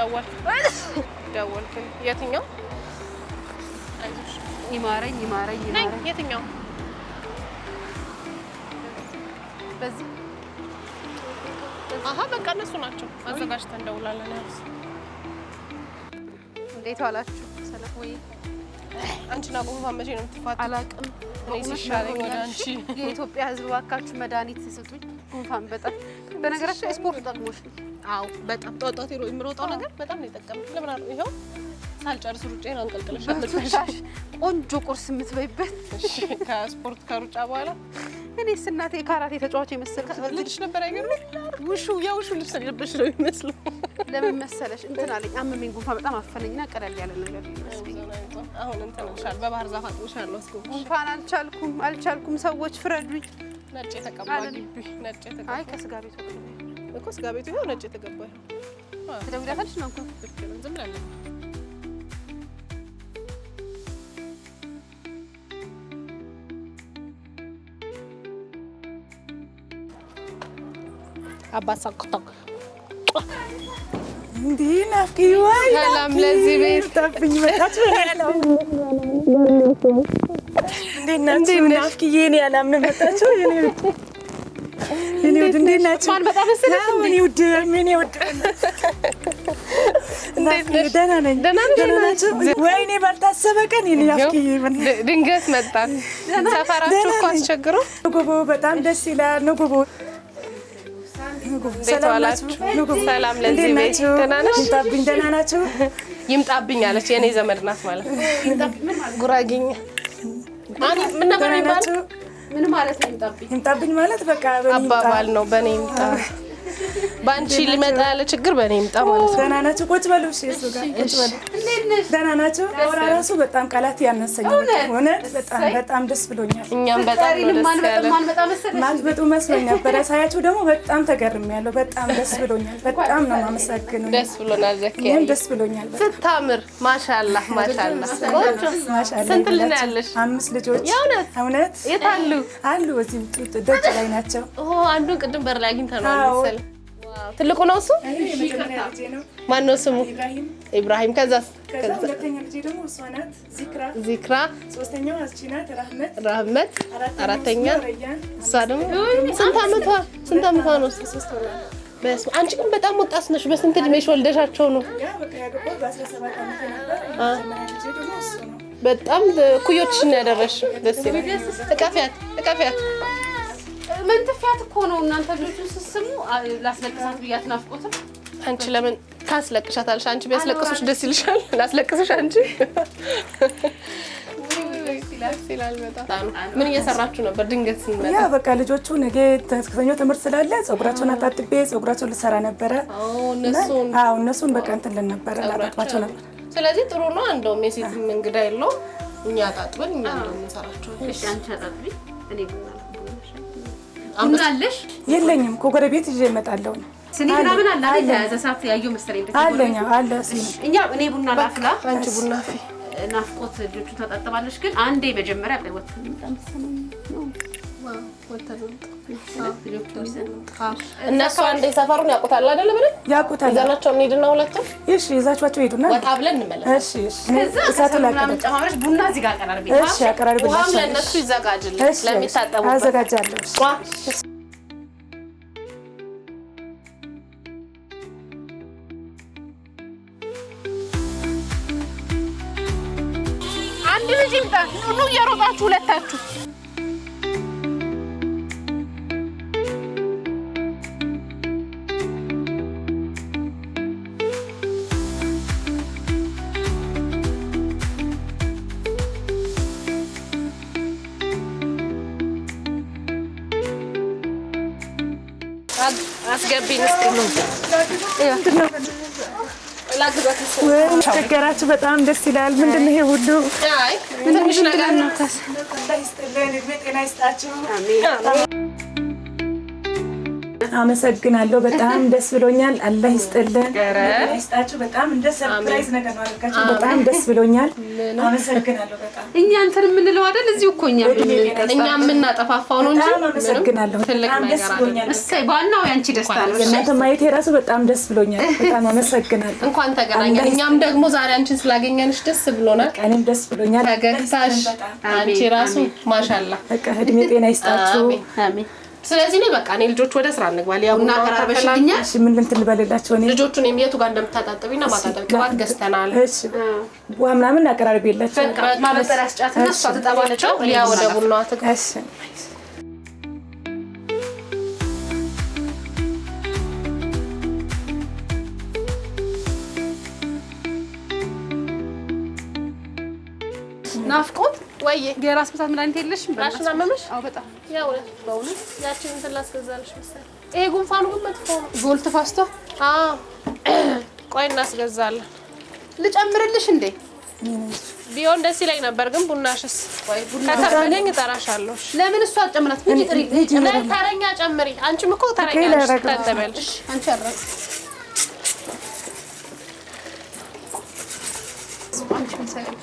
ደወልክ ደወልክ። የትኛው ይማረኝ ይማረኝ ይማረኝ። የትኛው በዚህ? አሀ በቃ እነሱ ናቸው። አዘጋጅተን እንደውላለን። እንዴት ዋላችሁ? ሰላም ወይ? አንቺና ጉንፋን መቼ ነው የምትፋቱ? አላውቅም የኢትዮጵያ ሕዝብ እባካችሁ መድኃኒት ስጡኝ። ጉንፋን በጣም በነገራችን ስፖርት ጠቅሞች ነው። በጣም ጠዋት ነገር በጣም ነው ለምን ይኸው ሳልጨርስ ቆንጆ ቁርስ የምትበይበት ከስፖርት ከሩጫ በኋላ እኔ ስናቴ ካራቴ ተጫዋች ነበር። አይገርምም? ውሹ የውሹ ልብስ ነው የሚመስለው ለምን መሰለሽ እንትን አለኝ አመመኝ፣ ጉንፋን በጣም አፈነኝና ቀለል ያለ ነገር ጉንፋን አልቻልኩም፣ አልቻልኩም፣ ሰዎች ፍረዱኝ። ነጭ የተቀባ አይ፣ ከስጋ ቤቱ እኮ ስጋ ቤቱ ይኸው ነጭ የተቀባ ትደውላለች ነው ሰላም ለዚህ ቤት ጠብኝ መጣች። እንዴት ናችሁ? ናፍቅዬ እኔ አላምንም መጣችሁ። እኔ ውድ እንዴት ናችሁ? እኔ ውድ እኔ ውድ ደህና ነኝ። ደህና ናችሁ? ወይኔ ባልታሰበ ቀን ናፍቅዬ ድንገት መጣ። ሰፈራችሁ እኮ አስቸግሮ ንጉቦ በጣም ደስ ይላል ንጉቦ ሰላም ይምጣብኝ ደህና ናቸው። ይምጣብኝ አለች። የእኔ ዘመድ ናት ማለት ነው። ጉራጌኛ ምን ነበር የሚባለው? ይምጣብኝ ማለት በቃ አባባል ነው። በእኔ ይምጣ በአንቺ ሊመጣ ያለ ችግር በእኔ ይምጣ ማለት ነው። ደህና ናቸው። ቁጭ በሉ እሺ። እሱ ጋር ቁጭ በሉ። ደህና ናቸው። ወራ ራሱ በጣም ቃላት ያነሰኝ ሆነ። በጣም በጣም ደስ ብሎኛል። እኛም በጣም ማልመጡ መስሎኝ ነበረ። ሳያቸው ደግሞ በጣም ተገርሜያለሁ። በጣም ደስ ብሎኛል። በጣም ነው የማመሰግነው። ደስ ብሎናል። ዘኪያ ደስ ብሎኛል። ስታምር ማሻአላህ፣ ማሻአላህ፣ ስንት ልጅ ያለሽ? አምስት ልጆች። እውነት። የት አሉ? አሉ እዚህ ደጅ ላይ ናቸው። አንዱን ቅድም በር ላይ አግኝተነዋል መሰለኝ ትልቁ ነው እሱ። ማነው ስሙ? ኢብራሂም። ከዛ ዚክራ፣ ራህመት አራተኛ። እሷ ደግሞ ስንት አመቷ ስንት አመቷ ነው? አንቺ ግን በጣም ወጣት ነሽ። በስንት እድሜሽ ወልደሻቸው ነው? በጣም እኩዮችሽ ያደረሽ። ደስ ይላል። እቀፊያት እቀፊያት መንትፊያት እኮ ነው እናንተ ልጁን ስስሙ ላስለቅሳት ብያት ናፍቆትም አንቺ ለምን ታስለቅሻታለሽ? አንቺ ቢያስለቅሱሽ ደስ ይልሻል። ላስለቅስሽ አንቺ ምን እየሰራችሁ ነበር? ድንገት ስንመጣ ያ በቃ ልጆቹ ነገ ሰኞ ትምህርት ስላለ ፀጉራቸውን አታጥቤ ፀጉራቸውን ልሰራ ነበረ። እነሱን በቃ እንትን ልን ነበረ ላጣጥባቸው ነበር። ስለዚህ ጥሩ ነው። እንደውም የሴትም እንግዳ የለውም። እኛ አጣጥበን እኛ እንደውም እንሰራቸው አምራለሽ? የለኝም እኮ ጎረቤት ይዤ እመጣለሁ። ስኒ ምናምን አለ አይደል? ዘሳት ያየው መሰለኝ አለኝ አለ። እኛ እኔ ቡና ላፍላ፣ አንቺ ቡና ፍይ። ናፍቆት እጆቹን ታጣጥባለሽ። ግን አንዴ መጀመሪያ ወጥ እነሱ አንድ ሰፈሩን ያውቁታል አይደለ? ብለን ያውቁታል። እዛ እንሂድና ሁለቱም እሺ፣ ይዛችኋቸው ሄዱና ወጣ ብለን እንመለስ። ቡና እዚህ ጋር አቀራርቤ፣ ውሃም ለእነሱ ይዘጋጅልን ለሚታጠቡ አዘጋጃለሁ። አንድ ልጅ ይምጣ፣ ኑ እየሮጣችሁ ሁለታችሁ አስገቢኝ እስኪ ቸገራችሁ። በጣም ደስ ይላል። ምንድን ነው ይሄ ሁሉ? ትንሽ ነገር ነው። አመሰግናለሁ። በጣም ደስ ብሎኛል። አላህ ይስጥልን። ይስጣችሁ። በጣም እንደ ሰርፕራይዝ ነገር ነው አደረጋችሁ። በጣም ደስ ብሎኛል። አመሰግናለሁ። በጣም እኛ እንትን የምንለው አይደል እዚህ እኮ እኛ እኛ የምናጠፋፋው ነው እንጂ አመሰግናለሁ። በጣም ደስ ብሎኛል። እስኪ ዋናው ያንቺ ደስታ ነው። እናንተ ማየት የራሱ በጣም ደስ ብሎኛል። በጣም አመሰግናለሁ። እንኳን ተገናኘን። እኛም ደግሞ ዛሬ አንቺን ስላገኘንሽ ደስ ብሎናል። ቀንም ደስ ብሎኛል። ፈገግታሽ አንቺ ራሱ ማሻላ በቃ እድሜ ጤና ይስጣችሁ። አሜን። ስለዚህ እኔ በቃ እኔ ልጆች ወደ ስራ እንግባል። ያው እና አቀራርበሽልኛ እሺ፣ ምን እንትን ልበልላቸው እኔ ልጆቹን የቱ ጋር እንደምታጣጥቢና ማጣጠብ ቅባት ገዝተናል። እሺ፣ ውሃ ምናምን አቀራርቤላቸው ማበጠሪያ አስጫትና እሷ ትጠባለቸው። ሊያ ወደ ቡና ትግባ። እሺ ናፍቆት ወይ የራስ ምታት መድኃኒት የለሽም? ራስሽን አመመሽ? አዎ በጣም ያው በእውነት ያቺን እንትን ላስገዛልሽ መሰለኝ። ይሄ ጉንፋኑ ግን መጥፎ ነው። ጎልት ፋስቶ አዎ፣ ቆይ እናስገዛለን። ልጨምርልሽ እንዴ? ቢሆን ደስ ይለኝ ነበር፣ ግን ቡናሽስ ከተረፈኝ እጠራሻለሁ። ለምን እሷ ጨምራት? ምን ተረኛ ጨምሪ። አንቺም እኮ ተረኛ ነሽ። ታጠቢያለሽ አንቺ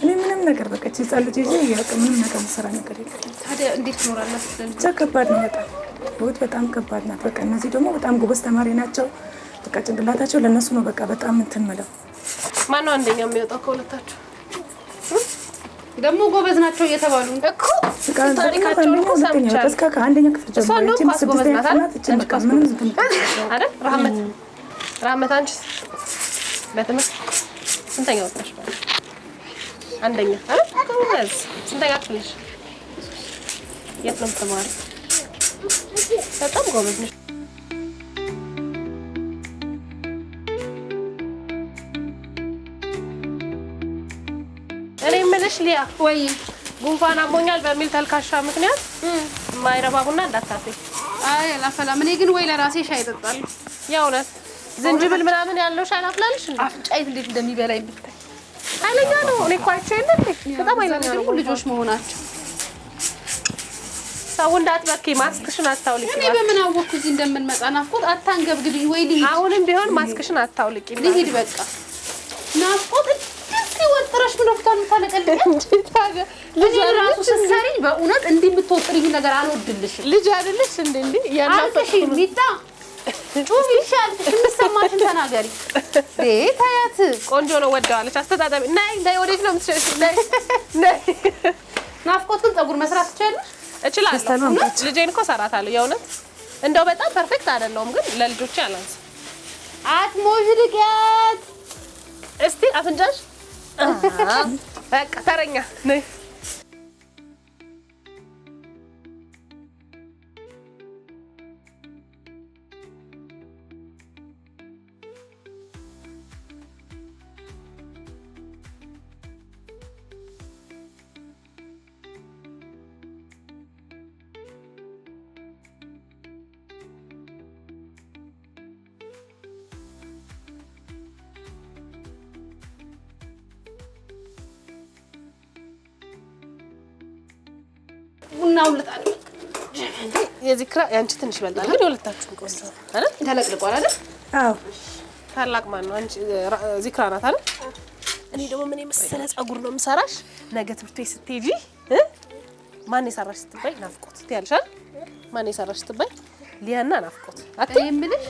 እኔ ምንም ነገር በቃ ህፃን ልጅ ይዤ እያውቅም ምንም ነገር የምሰራ ነገር የለም። ታዲያ እንዴት ትኖራላችሁ? ብቻ ከባድ ነው በጣም ህይወት በጣም ከባድ ናት። በቃ እነዚህ ደግሞ በጣም ጎበዝ ተማሪ ናቸው። በቃ ጭንቅላታቸው ለእነሱ ነው በቃ በጣም እንትን ምለው። ማነው አንደኛ የሚወጣው ከሁለታችሁ? ደግሞ ጎበዝ ናቸው እየተባሉ እኮ ታሪካቸውን እኮ ሰምቻለሁ። እስከ አንቺስ በትምህርት ስንተኛ ወጣሽ? አንደኛ ስንተኛ ክፍል ነሽ? የት ነው ተማሪ በጣም ጎበዝ ነሽ። እኔ የምልሽ ሊያ፣ ወይ ጉንፋን አሞኛል በሚል ተልካሻ ምክንያት ማይረባ ቡና እንዳታፈይ። አይ አላፈላም። እኔ ግን ወይ ለራሴ ሻይ እጠጣለሁ። የእውነት ዝንጅብል ምናምን ያለው ሻይ አላፍላልሽ። አፍንጫዬ እንዴት እንደሚበላኝ ብታይ ኃይለኛ ነው። እኔ እኮ አይቼው የለ በጣም አይለኛ ነው። ልጆች መሆናቸው ሰው እንዳትበኪ ማስክሽን አታውልቂ። እኔ በምን አወኩ እዚህ እንደምንመጣ ናፍቆት አታንገብግብኝ ወይ ልሂድ። አሁንም ቢሆን ማስክሽን አታውልቂ። ልሂድ በቃ ናፍቆት እንደዚህ ወጥረሽ ምን አፍቷል የምታለቀልቀኝ ልጅ ራሱ ስትሰሪ በእውነት እንዲህ የምትወጥሪኝ ነገር አልወድልሽም። ልጅ አይደለሽ እንዴ እንዴ ያናፈሽ ሚጣ ጩብ ይሻል። የሚሰማሽን ተናገሪ። ታያት ቆንጆ ነው፣ ወደዋለች። አስተጣጣሚ ናይ ናይ፣ ወዴት ነው የምትሸሽ? ናይ ናፍቆት ግን ፀጉር መስራት ትችላለሽ? እችላለሁ። ልጄን እኮ ሰራታለሁ። የእውነት እንደው በጣም ፐርፌክት አይደለሁም፣ ግን ለልጆቼ አላንስ አትሞሽልቂያት። እስቲ አፍንጫሽ በቃ ተረኛ ነይ ይሄን አሁን ልጣል። የዚህ ክራ ያንቺ ትንሽ ይበልጣል። እንግዲህ ሁለታችሁ ቆስ አይደል? ተለቅልቋል አይደል? አዎ ታላቅ ማን ነው? አንቺ ዚክራ ናት አይደል? እኔ ደግሞ ምን የመሰለ ጸጉር ነው የምሰራሽ። ነገ ትምህርት ቤት ስትሄጂ ማን የሰራሽ ስትባይ ናፍቆት ትያለሽ ማን የሰራሽ ስትባይ ሊያና ናፍቆት አትይም ብለሽ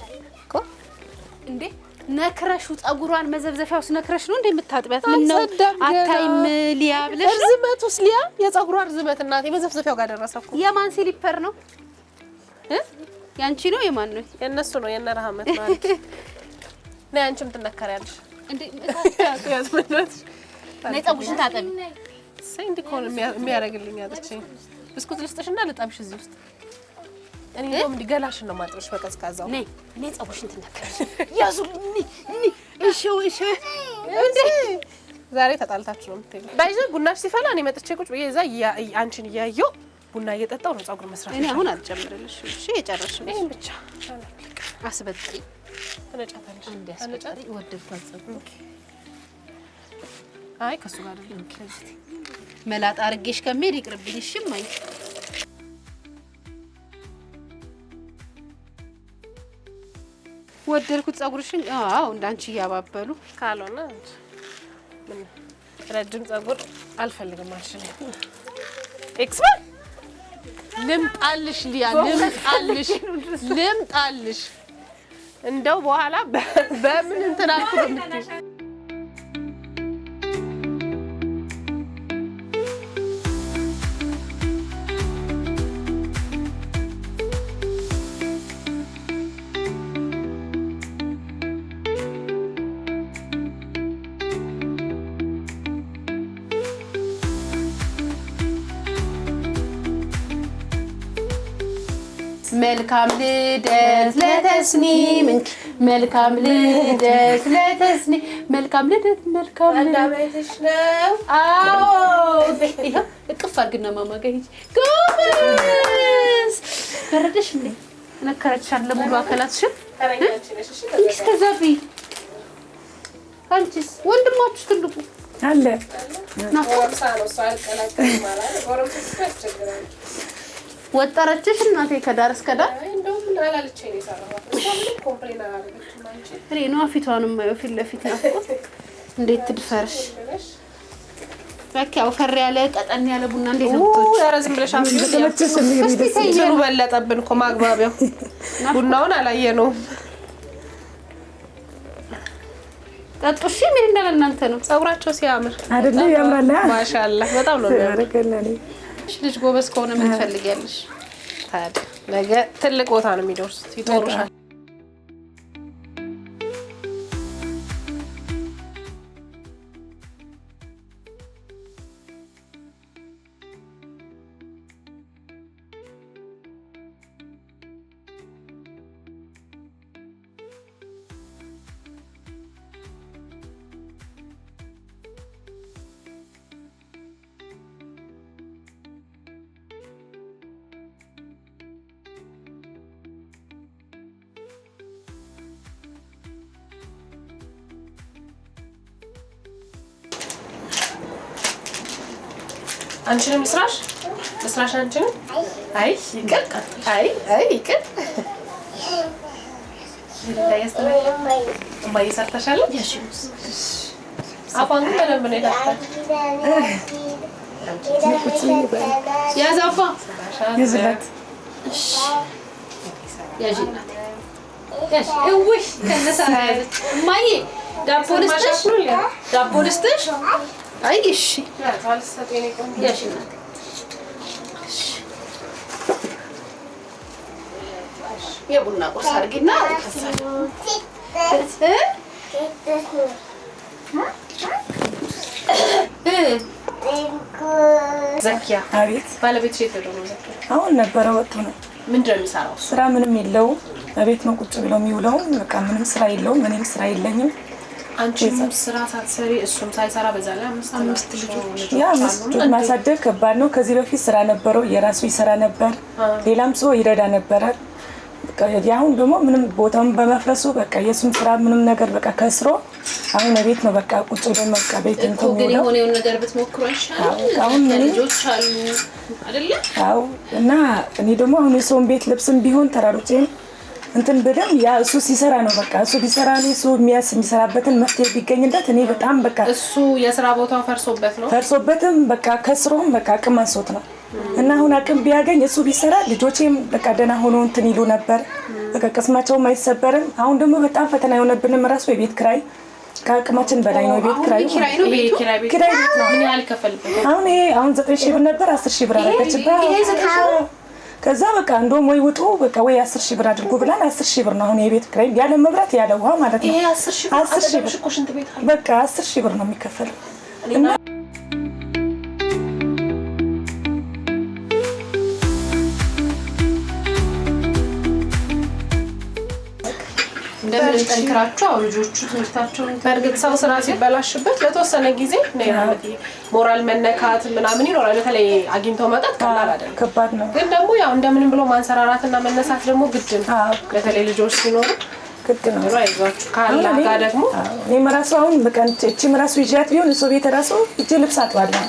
እኮ እንዴ ነክረሹ ጸጉሯን መዘብዘፊያ ውስጥ ነክረሽ ነው እንደ የምታጥቢያት? ምነው አታይም ሊያ ብለሽ እርዝመት ውስጥ ሊያ የጸጉሯ እርዝመት እናቴ መዘብዘፊያው ጋር ደረሰ የማን ሲሊፐር ነው? ያንቺ ነው የማን ነው? የእነሱ ነው። የእነ ረሀመት ማለት ነው። አንቺም ትነከሪያለሽ ነይ ጸጉርሽን ታጠቢ። ሰይ እንዲህ ከሆነ የሚያደርግልኝ አለችኝ። ብስኩት ልስጥሽ እና ልጠብሽ እዚህ ውስጥ እኔ እንደውም ገላሽን ነው የማጥበሽ በቀዝቃዛው። ነይ እኔ ጸጉርሽን ትነከረሽ ያዙልኝ። እሺ እሺ። እንዴ ዛሬ ተጣልታችሁ ነው የምትሄጂው? ባይዘ ቡናሽ ሲፈላ እኔ መጥቼ ቁጭ ብዬ እዛ አንቺን እያየሁ ቡና እየጠጣሁ ነው ፀጉር መስራት። እኔ አሁን አልጨምርልሽ። እሺ የጨረስሽ ነው። ይሄን ብቻ አስበጥሪ ተነጫታለሽ። አንዴ አስበጥሪ ወደድኳት ጸጉር። አይ ከሱ ጋር አይደለም መላጣ አድርጌሽ ከሚሄድ ይቅርብኝ። እሺ ማይ ወደድኩት። ጸጉርሽን አዎ፣ እንዳንቺ እያባበሉ ካልሆነ ረጅም ጸጉር አልፈልግም አልሽኝ። ኤክስፐርት ልምጣልሽ፣ ሊያ ልምጣልሽ፣ ልምጣልሽ እንደው በኋላ በምን እንትን አልኩ። መልካም ልደት ለተስኒም መልካም ልደት ለተስኒ መልካም ልደት መልካም ልደት ነው። አዎ እቅፍ አድርግና ማማ ጋር ሂጂ። ጎበዝ በረደሽ እንዴ ነከረችሻል። ለሙሉ አካላትሽን እንግዲህ ከዛ ብይ። አንቺስ ወንድማችሁ ትልቁ አለ ናፍቆት ወጠረችሽ እናቴ ከዳር እስከ ዳር እኔ ነዋ ፊቷንም የማየው ፊት ለፊት ናፍቆት እንዴት ትድፈርሽ በቃ ያው ያለ ቀጠን ያለ ቡና እንዴት ነው ትወጪ ኧረ ዝም ብለሽ እንትኑ በለጠብን እኮ ማግባቢያው ቡናውን አላየነውም ጠጡ እሺ ምን እንደለ እናንተ ነው ፀጉራቸው ሲያምር አይደለ ያምራል ማሻአላ በጣም ነው ልጅ ጎበዝ ከሆነ ምን ትፈልጊያለሽ ታዲያ? ነገ ትልቅ ቦታ ነው የሚደርሱት። ይጦሩሻል። አንቺንም ልስራሽ ልስራሽ አንቺንም። አይ ይቅር፣ አይ አይ ይቅር። እማዬ ሰርተሻለሽ። አፏን ግን በደንብ ነው የታጠበ። ያዝ አፏ ይዝላት። እውይ ከነሳ ያዘች። እማዬ ዳቦ ልስጥሽ፣ ዳቦ ልስጥሽ አይ እሺ፣ የቡና ቁርስ አድርጊና ዘኪያ። አቤት። ባለቤትሽ የት ሄዶ አሁን ነበረ ወጥቶ ነው። ምንድን ነው የሚሰራው? ስራ ምንም የለውም። እቤት ነው ቁጭ ብለው የሚውለው በቃ ምንም ስራ የለውም። እኔም ስራ የለኝም። አንቺም ስራ ሳትሰሪ እሱም ሳይሰራ በዛ ላይ አምስት ልጆች ያ አምስት ማሳደግ ከባድ ነው። ከዚህ በፊት ስራ ነበረው፣ የራሱ ይሰራ ነበር፣ ሌላም ሰው ይረዳ ነበረ። አሁን ደግሞ ምንም ቦታውን በመፍረሱ በቃ የእሱም ስራ ምንም ነገር በቃ ከስሮ አሁን ቤት ነው በቃ ቁጭ ብለን በቃ ቤት እንትን የሆነውን ነገር ብትሞክሩ አሁን ልጆች አሉ አይደለ? አዎ። እና እኔ ደግሞ አሁን የሰውን ቤት ልብስም ቢሆን ተራሩጬም እንትን ብልም ያ እሱ ሲሰራ ነው በቃ እሱ ቢሰራ ነው እሱ የሚያስ የሚሰራበትን መፍትሄ ቢገኝለት እኔ በጣም በቃ እሱ የስራ ቦታው ፈርሶበት ነው ፈርሶበትም በቃ ከስሮም በቃ አቅም አንሶት ነው እና አሁን አቅም ቢያገኝ እሱ ቢሰራ ልጆቼም በቃ ደህና ሆኖ እንትን ይሉ ነበር። በቃ ቅስማቸውም አይሰበርም። አሁን ደግሞ በጣም ፈተና የሆነብንም ራሱ የቤት ክራይ ከአቅማችን በላይ ነው። ቤት ክራይ ቤት ክራይ ቤት ነው። አሁን ይሄ አሁን ዘጠኝ ሺህ ብር ነበር አስር ሺህ ብር አረገችበት። ከዛ በቃ እንደውም ወይ ውጡ በቃ ወይ አስር ሺህ ብር አድርጎ ብላን አስር ሺህ ብር ነው አሁን የቤት ኪራይ ያለ መብራት ያለ ውሃ ማለት ነው። አስር ሺህ ብር በቃ አስር ሺህ ብር ነው የሚከፈለው እና እንደምንም ጠንክራችሁ አሁ ልጆቹ ትምህርታቸውን በእርግጥ ሰው ስራ ሲበላሽበት ለተወሰነ ጊዜ ሞራል መነካት ምናምን ይኖራል። በተለይ አግኝተው መጣት ቀላል አይደለም፣ ከባድ ነው። ግን ደግሞ ያው እንደምንም ብሎ ማንሰራራትና መነሳት ደግሞ ግድ ነው። በተለይ ልጆች ሲኖሩ ግድ ነው። አይዟችሁ ካለ ጋር ደግሞ እኔም እራሱ አሁን በቀን እቺም እራሱ ይዣት ቢሆን እሱ ቤት እራሱ እጄ ልብስ አጥባለሁ፣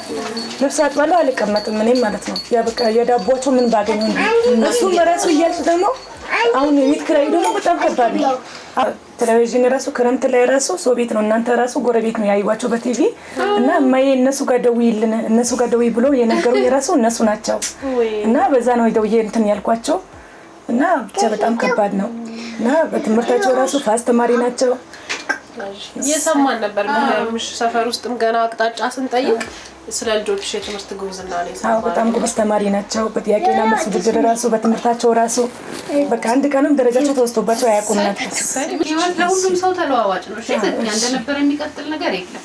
ልብስ አጥባለሁ፣ አልቀመጥም እኔም ማለት ነው። የዳቦቸው ምን ባገኘው እሱም እራሱ እያልኩ ደግሞ አሁን የቤት ኪራይ ደግሞ በጣም ከባድ ነው። ቴሌቪዥን ራሱ ክረምት ላይ ራሱ ሰው ቤት ነው። እናንተ ራሱ ጎረቤት ነው ያዩዋቸው በቲቪ እና እማዬ እነሱ ጋር ደውይልን እነሱ ጋር ደውይ ብሎ የነገሩ የራሱ እነሱ ናቸው እና በዛ ነው ደውዬ እንትን ያልኳቸው እና ብቻ በጣም ከባድ ነው እና በትምህርታቸው ራሱ ፋስ ተማሪ ናቸው። እየሰማን ነበር ሰፈር ውስጥም ገና አቅጣጫ ስንጠይቅ ስለ ልጆች የትምህርት ጉብዝና በጣም ጎበዝ ተማሪ ናቸው። በጥያቄ ና መልስ ውድድር ራሱ በትምህርታቸው ራሱ በቃ አንድ ቀንም ደረጃቸው ተወስቶባቸው አያውቁም ነበር። ለሁሉም ሰው ተለዋዋጭ ነው። እንደነበረ የሚቀጥል ነገር የለም።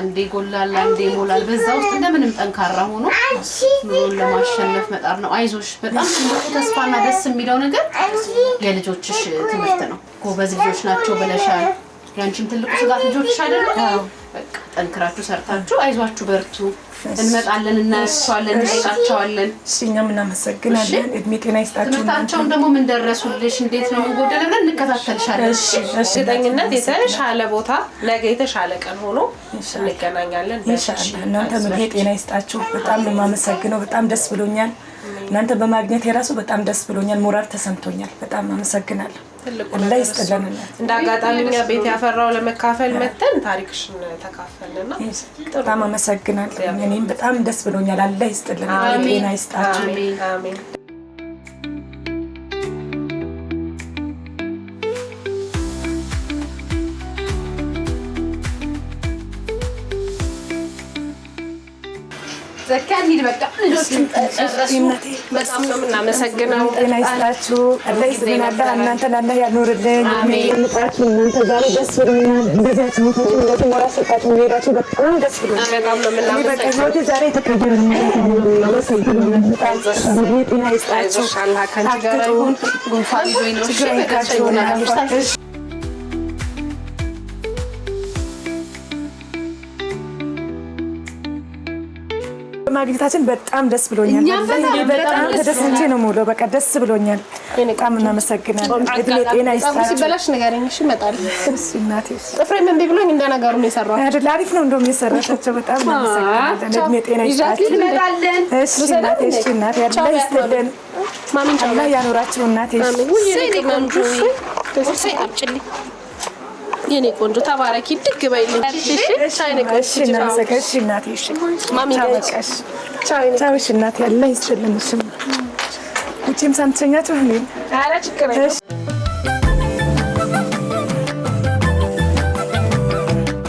አንዴ ይጎላል፣ አንዴ ይሞላል። በዛ ውስጥ እንደምንም ጠንካራ ሆኖ ኑሮን ለማሸነፍ መጣር ነው። አይዞሽ። በጣም ተስፋና ደስ የሚለው ነገር የልጆችሽ ትምህርት ነው። ጎበዝ ልጆች ናቸው ብለሻል። ያንቺም ትልቁ ስጋት ልጆችሽ አይደለም ጠንክራችሁ ሰርታችሁ አይዟችሁ በርቱ፣ እንመጣለን፣ እናያቸዋለን፣ እንሰጣቸዋለን። እኛም እናመሰግናለን። እድሜ ጤና ይስጣችሁ። ትምህርታቸውን ደግሞ ምን ደረሱልሽ፣ እንዴት ነው ጎደለ ብለን እንከታተልሻለን። እርግጠኝነት የተሻለ ቦታ ነገ የተሻለ ቀን ሆኖ እንገናኛለን። እናንተ እድሜ ጤና ይስጣችሁ። በጣም ነው የማመሰግነው። በጣም ደስ ብሎኛል። እናንተ በማግኘት የራሱ በጣም ደስ ብሎኛል፣ ሞራል ተሰምቶኛል። በጣም አመሰግናለሁ። ላይ ይስጥልናል። እንደ አጋጣሚ እኛ ቤት ያፈራው ለመካፈል መተን ታሪክሽን ተካፈልና በጣም አመሰግናለሁ። እኔም በጣም ደስ ብሎኛል። አላህ ይስጥልን፣ ጤና ይስጣችሁ። በጣም ነው የምናመሰግነው። ጤና ይስጣችሁ። እናንተ ላለ ያኑርልኝ። ጣችሁ እናንተ ዛሬ ደስ ብሎኛል። እንደዚያ ሞራ ሰጣችሁ መሄዳችሁ በጣም ደስ ብሎኛል። ዛሬ የተቀየረ ጤና ይስጣችሁ። ማግኘታችን በጣም ደስ ብሎኛል። በጣም ተደስቼ ነው የምውለው። በቃ ደስ ብሎኛል። በጣም እናመሰግናለን። እድሜ ጤና ይስጣችሁ። ሲበላሽ ንገረኝ እሺ። እመጣለሁ። ጥፍሬም እምቢ ብሎኝ ነገሩ ነው የሰራሁት አይደል? አሪፍ ነው እንደውም የሰራሻቸው። በጣም እናመሰግናለን። እድሜ ጤና ይስጣችሁ። እሺ እናቴ፣ እሺ እናቴ፣ ያለ ይስጥልን። ማሚን ጫላ ያኖራችሁ እናቴ። እሺ የኔ ቆንጆ ተባረኪ፣ ድግ በይልኝ። እናት ያለ እሺ ውጪም